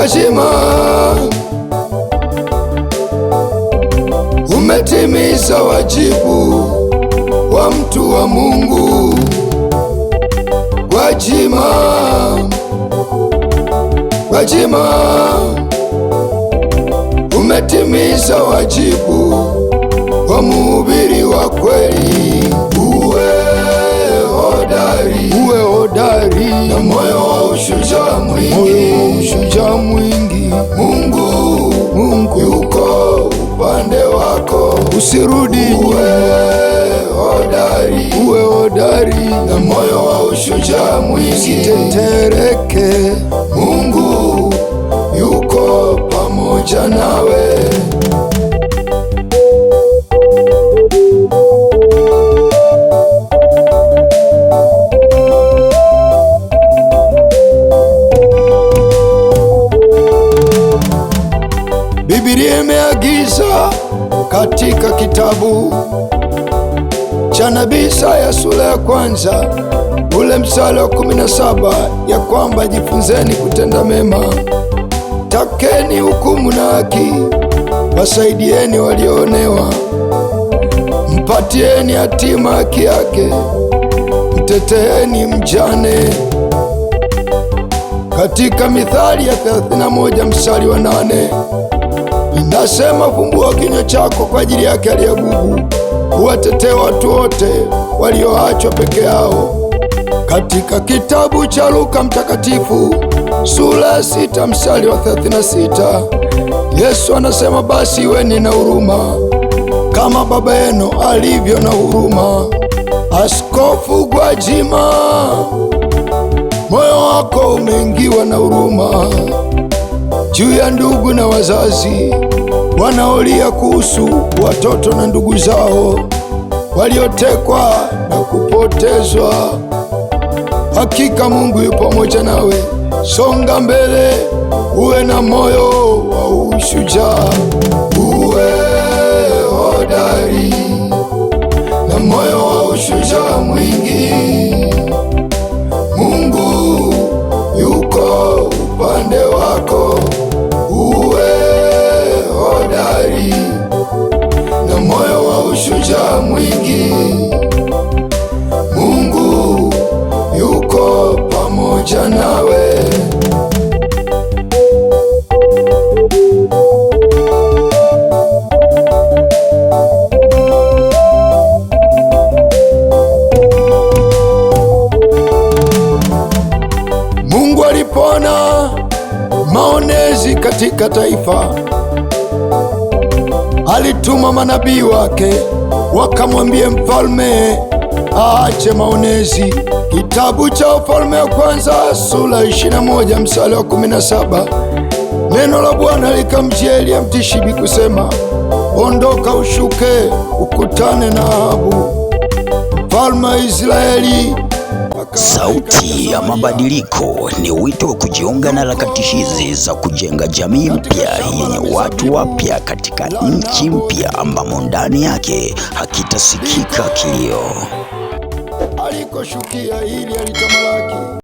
Fatima, umetimiza wajibu wa mtu wa Mungu. Gwajima, Gwajima, umetimiza wajibu wa mhubiri wa kweli. Uwe hodari, uwe hodari na moyo wa ushujaa mwingi mwingi. Mungu, Mungu yuko upande wako, usirudi hodari, uwe hodari na moyo wa ushujaa mwingi, usitetereke. Mungu yuko pamoja nawe. Biblia imeagiza katika kitabu cha nabii Isaya sura ya kwanza ule mstari wa 17 ya kwamba jifunzeni kutenda mema, takeni hukumu na haki, wasaidieni walioonewa, mpatieni yatima haki yake, mteteeni mjane. Katika Mithali ya 31 mstari wa 8 Nasema fumbua kinywa chako kwa ajili yake aliye nguvu, uwatetee watu wote walioachwa peke yao. Katika kitabu cha Luka Mtakatifu sura ya sita mstari wa 36 Yesu anasema, basi iweni na huruma kama Baba yenu alivyo na huruma. Askofu Gwajima, moyo wako umeingiwa na huruma juu ya ndugu na wazazi wanaolia kuhusu watoto na ndugu zao waliotekwa na kupotezwa. Hakika Mungu yupo pamoja nawe. Songa mbele, uwe na moyo wa ushujaa, uwe kuja nawe Mungu alipona maonezi katika taifa, alituma manabii wake wakamwambie mfalme aache maonezi. Kitabu cha Ufalme wa kwanza sura 21 mstari wa 17, neno la Bwana likamjia Eliya mtishibi kusema, ondoka ushuke ukutane na Ahabu mfalme wa Israeli. Sauti ya Mabadiliko ni wito wa kujiunga na harakati hizi za kujenga jamii mpya yenye watu wapya katika nchi mpya ambamo ndani yake hakitasikika kilio alikoshukia ili alitamalaki.